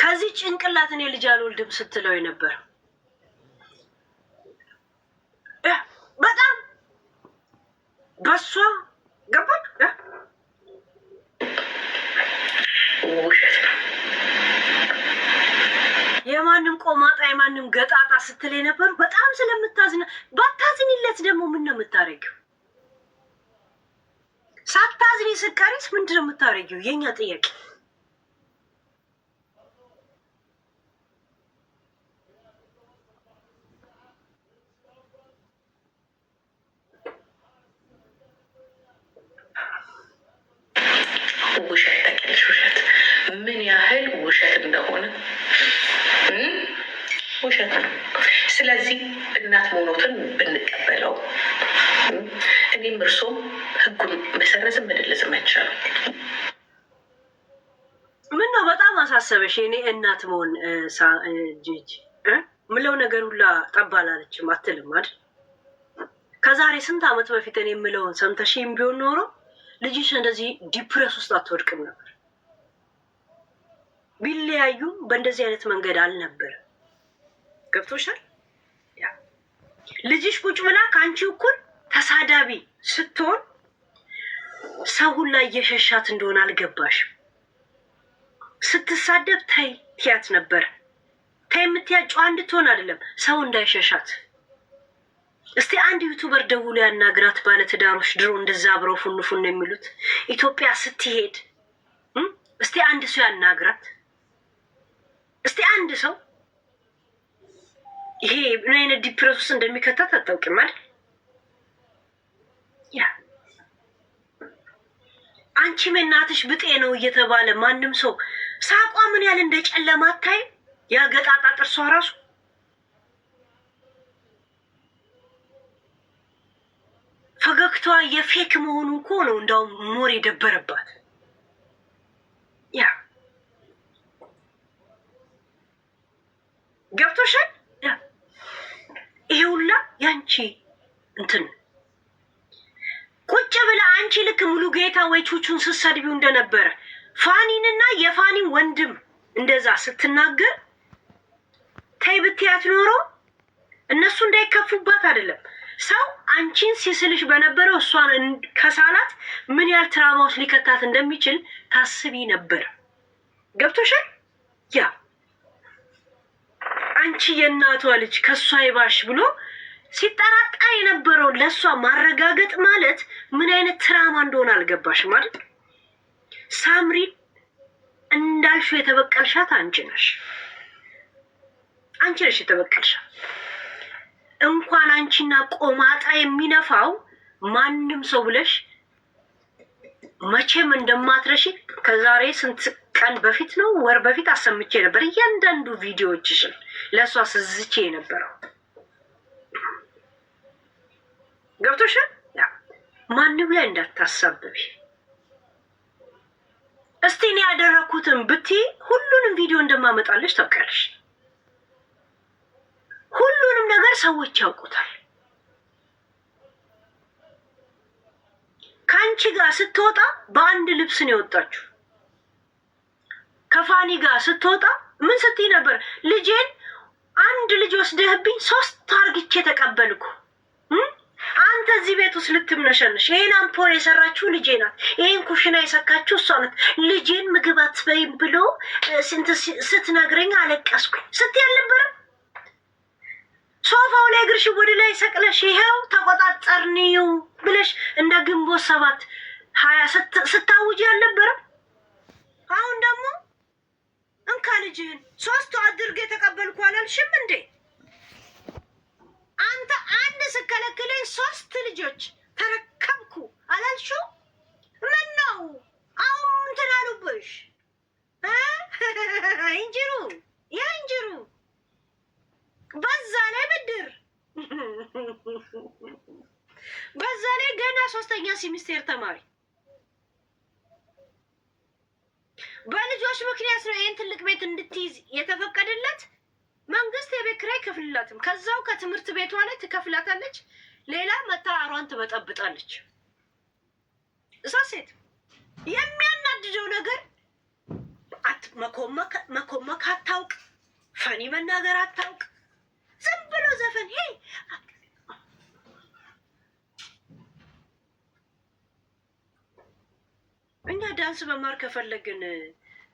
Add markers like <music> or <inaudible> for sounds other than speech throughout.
ከዚህ ጭንቅላት እኔ ልጅ አልወልድም ስትለው የነበር በጣም በሷ ገባች። የማንም ቆማጣ የማንም ገጣጣ ስትል የነበሩ በጣም ስለምታዝና ባታዝንለት ደግሞ ምን ነው የምታደርገው? ሳታዝኒ ስካሪስ ምንድን ነው የምታረጊው? የእኛ ጥያቄ ውሸት ተቀልሽ ውሸት ምን ያህል ውሸት እንደሆነ ውሸት ነው። ስለዚህ እናት መሆኖትን ብንቀበለው እኔም እርሶም ህጉን መሰረዝም መደለዝም አይቻልም። ምን ነው በጣም አሳሰበሽ? እኔ እናት መሆን ጅጅ ምለው ነገር ሁላ ጠባላለችም አትልም አይደል? ከዛሬ ስንት ዓመት በፊት እኔ የምለውን ሰምተሽ ቢሆን ኖሮ ልጅሽ እንደዚህ ዲፕረስ ውስጥ አትወድቅም ነበር። ቢለያዩም በእንደዚህ አይነት መንገድ አልነበርም። ገብቶሻል? ልጅሽ ቁጭ ብላ ከአንቺ እኩል ተሳዳቢ ስትሆን ሰው ሁላ እየሸሻት እንደሆነ አልገባሽም። ስትሳደብ ተይ ትያት ነበር። ተይ የምትያት ጨዋ እንድትሆን አይደለም፣ ሰው እንዳይሸሻት። እስቲ አንድ ዩቱበር ደውሎ ያናግራት። ባለ ባለትዳሮች ድሮ እንደዛ አብረው ፉንፉን የሚሉት ኢትዮጵያ ስትሄድ እስቲ አንድ ሰው ያናግራት። እስቲ አንድ ሰው ይሄ ምን አይነት ዲፕሬስ ውስጥ እንደሚከታት አታውቂም አይደል? አንቺም እናትሽ ብጤ ነው እየተባለ ማንም ሰው ሳቋ ምን ያህል እንደ ጨለማ አታይም? ያ ገጣጣ ጥርሷ ራሱ ፈገግቷ የፌክ መሆኑ እኮ ነው እንዳውም ሞር የደበረባት። ያ ገብቶሻል። ይሄ ሁላ ያንቺ እንትን ወይ ቹቹን ስትሰድቢው እንደነበረ ፋኒንና የፋኒን ወንድም እንደዛ ስትናገር ተይ ብትያት ኖሮ እነሱ እንዳይከፉባት አይደለም። ሰው አንቺን ሲስልሽ በነበረው እሷን ከሳላት ምን ያህል ትራማ ውስጥ ሊከታት እንደሚችል ታስቢ ነበር። ገብቶሻል? ያ አንቺ የእናቷ ልጅ ከእሷ ይባሽ ብሎ ሲጠራጣ የነበረውን ለእሷ ማረጋገጥ ማለት ምን አይነት ትራማ እንደሆነ አልገባሽ ማለት ሳምሪ እንዳልሹ የተበቀልሻት አንቺ ነሽ። አንቺ ነሽ የተበቀልሻት። እንኳን አንቺና ቆማጣ የሚነፋው ማንም ሰው ብለሽ መቼም እንደማትረሺ ከዛሬ ስንት ቀን በፊት ነው ወር በፊት አሰምቼ ነበር። እያንዳንዱ ቪዲዮዎችሽን ለእሷ ስዝቼ የነበረው ገብቶሻል? ማንም ላይ እንዳታሳብቢ። እስቲ እኔ ያደረግኩትን ብትይ ሁሉንም ቪዲዮ እንደማመጣለች ታውቂያለሽ። ሁሉንም ነገር ሰዎች ያውቁታል። ከአንቺ ጋር ስትወጣ በአንድ ልብስ ነው የወጣችሁ። ከፋኒ ጋር ስትወጣ ምን ስትይ ነበር? ልጄን አንድ ልጅ ወስደህብኝ ሶስት አርግቼ ተቀበልኩ እዚህ ቤት ውስጥ ልትምነሸንሽ። ይህን አምፖል የሰራችው ልጄ ናት። ይህን ኩሽና የሰካችው እሷ ናት። ልጄን ምግብ አትበይም ብሎ ስትነግረኝ አለቀስኩኝ። ስት አልነበረም? ሶፋው ላይ እግርሽ ወደ ላይ ሰቅለሽ ይኸው ተቆጣጠርንዩ ብለሽ እንደ ግንቦት ሰባት ሀያ ስታውጅ አልነበረም? አሁን ደግሞ እንካ ልጅህን ሶስቱ አድርገ የተቀበልኩ አላልሽም እንዴ አንተ? ስከለክለኝ ሶስት ልጆች ተረከብኩ አላልሹ? ምን ነው አሁን እንትን አሉብሽ? <laughs> እንጅሩ ያ እንጅሩ በዛ ላይ ብድር <laughs> በዛ ላይ ገና ሶስተኛ ሲሚስቴር ተማሪ በልጆች ምክንያት ነው ይህን ትልቅ ቤት እንድትይዝ የተፈቀደለት። መንግስት የቤት ኪራይ አይከፍልላትም። ከዛው ከትምህርት ቤቷ ላይ ትከፍላታለች። ሌላ መታ አሯን ትበጠብጣለች። እሳ ሴት የሚያናድደው ነገር መኮመክ አታውቅ፣ ፈኒ መናገር አታውቅ። ዝም ብሎ ዘፈን ሄ እኛ ዳንስ መማር ከፈለግን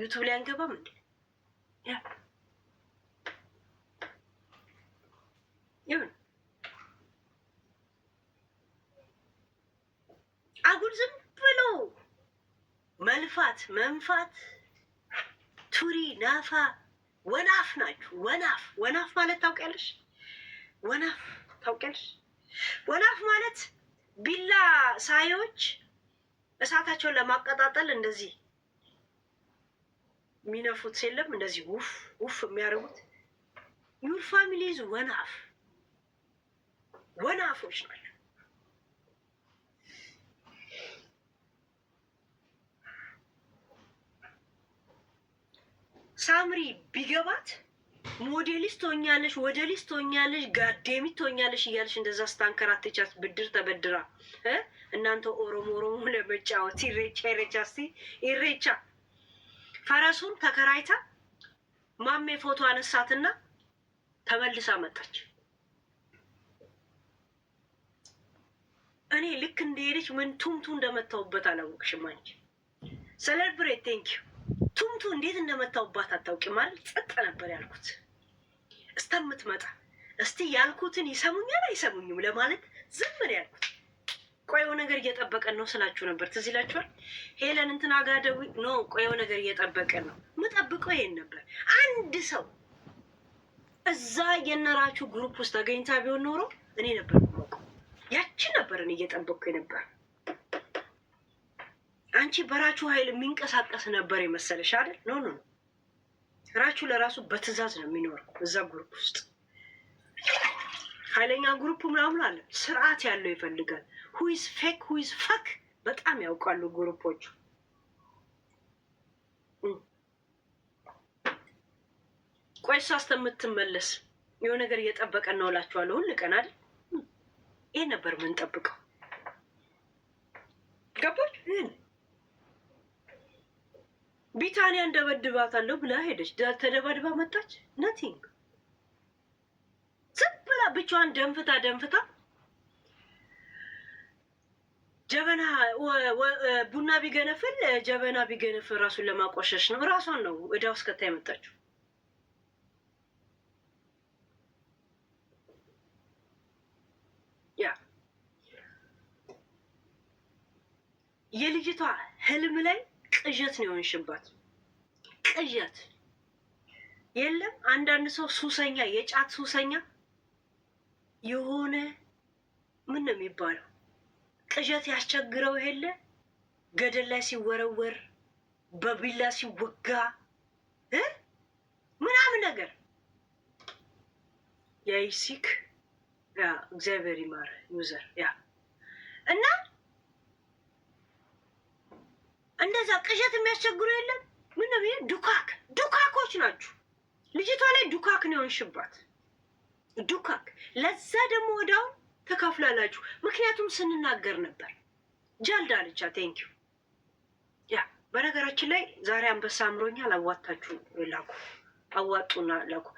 ዩቱብ ላይ አንገባም እንዴ? ይሁን አጉል ዝም ብሎ መልፋት መንፋት ቱሪ ናፋ ወናፍ ናችሁ። ወናፍ ወናፍ ማለት ታውቂያለሽ? ወናፍ ታውቂያለሽ? ወናፍ ማለት ቢላ ሳዮች እሳታቸውን ለማቀጣጠል እንደዚህ የሚነፉት የለም፣ እንደዚህ ውፍ ውፍ የሚያደርጉት ዩር ፋሚሊ ይዙ ወናፍ ወናፎች ናቸው። ሳምሪ ቢገባት ሞዴሊስ ሆኛለሽ፣ ወደሊስት ሆኛለሽ፣ ጋዴሚ ሆኛለሽ እያለሽ እንደዛ ስታንከራተቻት ብድር ተበድራ እናንተ ኦሮሞ ኦሮሞ ለመጫወት ኢሬቻ ኢሬቻ እስቲ ኢሬቻ ፈረሱን ተከራይታ ማሜ ፎቶ አነሳትና ተመልሳ መጣች። እኔ ልክ እንደሄደች ምን ቱምቱ እንደመታውበት አላወቅሽም አንቺ። ሰለብሬት ቴንኪዩ። ቱምቱ እንዴት እንደመታውባት አታውቂም አይደል? ጸጥ ነበር ያልኩት እስከምትመጣ እስቲ ያልኩትን ይሰሙኛል አይሰሙኝም ለማለት ዝም ነው ያልኩት። ቆየው ነገር እየጠበቀን ነው ስላችሁ ነበር። ትዝ ይላችኋል። ሄለን እንትን አጋደዊ ኖ ቆየው ነገር እየጠበቀን ነው። ምጠብቀው ይሄን ነበር። አንድ ሰው እዛ የነራችሁ ግሩፕ ውስጥ አገኝታ ቢሆን ኖሮ እኔ ነበር አንቺን ነበርን እየጠበቅኩ ነበር። አንቺ በራችሁ ኃይል የሚንቀሳቀስ ነበር የመሰለሽ አይደል? ኖ ኖ ራችሁ ለራሱ በትዕዛዝ ነው የሚኖረው እዛ ግሩፕ ውስጥ ኃይለኛ ግሩፕ ምናምን አለ። ስርዓት ያለው ይፈልጋል። ሁይዝ ፌክ ሁይዝ ፈክ በጣም ያውቃሉ ግሩፖቹ። ቆይ እሷ እስከምትመለስ የሆነ ነገር እየጠበቀ ነው እላችኋለሁ ሁል ቀን አይደል ይህ ነበር የምንጠብቀው። ገባች። ቢታንያ እንደበድባታለሁ ብላ ሄደች። ተደባድባ መጣች። ነቲንግ ዝም ብላ ብቻዋን ደንፍታ ደንፍታ ጀበና ቡና ቢገነፍል ጀበና ቢገነፍል ራሱን ለማቆሸሽ ነው። ራሷን ነው እዳ ውስጥ ከታ የመጣችው። የልጅቷ ህልም ላይ ቅዠት ነው የሆንሽባት። ቅዠት የለም። አንዳንድ ሰው ሱሰኛ፣ የጫት ሱሰኛ የሆነ ምን ነው የሚባለው ቅዠት ያስቸግረው የለ ገደል ላይ ሲወረወር በቢላ ሲወጋ ምናምን ነገር የይሲክ ያ እግዚአብሔር ይማር ዩዘር ያ እና እንደዛ ቅዠት የሚያስቸግሩ የለም። ምን ነው ይሄ ዱካክ ዱካኮች ናችሁ። ልጅቷ ላይ ዱካክ ነው የሆንሽባት። ዱካክ ለዛ ደግሞ ወዳው ተካፍላላችሁ። ምክንያቱም ስንናገር ነበር ጃልዳ አለቻ። ቴንኪዩ ያ በነገራችን ላይ ዛሬ አንበሳ አምሮኛል። አዋጣችሁ ላኩ፣ አዋጡና ላኩ።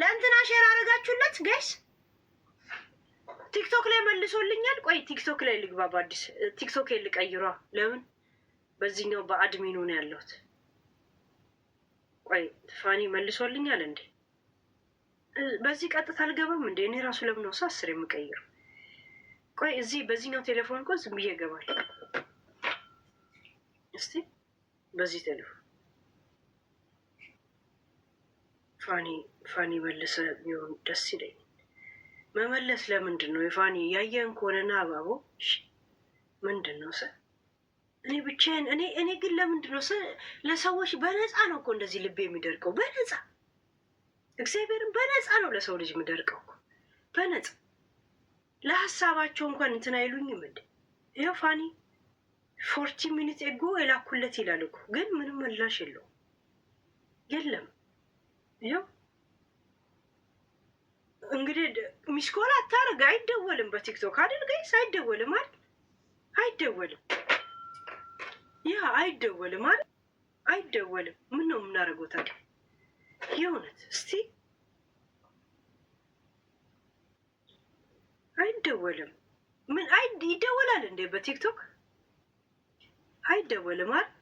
ለእንትና ሼር አደረጋችሁለት ገስ ቲክቶክ ላይ መልሶልኛል። ቆይ ቲክቶክ ላይ ልግባ፣ በአዲስ ቲክቶክ ልቀይሯ። ለምን በዚህኛው በአድሚኑ ነው ያለሁት። ቆይ ፋኒ መልሶልኛል እንዴ? በዚህ ቀጥታ አልገባም እንዴ? እኔ ራሱ ለምን ነው አስር የምቀይረው? ቆይ እዚህ በዚህኛው ቴሌፎን እኮ ዝም ብዬ እገባለሁ። እስቲ በዚህ ቴሌፎን ፋኒ ፋኒ መልሰ ቢሆን ደስ ይለኛል። መመለስ ለምንድን ነው የፋኒ ያየን ከሆነና አባቦ ምንድን ነው ሰ እኔ ብቻዬን እኔ እኔ ግን ለምንድን ነው ለሰዎች በነፃ ነው እኮ እንደዚህ ልቤ የሚደርቀው በነፃ እግዚአብሔርን በነፃ ነው ለሰው ልጅ የሚደርቀው እኮ በነፃ ለሀሳባቸው እንኳን እንትን አይሉኝም እንዴ ይኸው ፋኒ ፎርቲ ሚኒት ኤጎ የላኩለት ይላል እኮ ግን ምንም ምላሽ የለው የለም ይኸው እንግዲህ ሚስ ኮል አታርግ። አይደወልም በቲክቶክ አይደል ጋይስ? አይደወልም አይደል? አይደወልም። ያ አይደወልም አይደል? አይደወልም። ምን ነው የምናደርገው ታዲያ? የእውነት እስቲ አይደወልም። ምን አይ ይደወላል እንዴ በቲክቶክ? አይደወልም አይደል?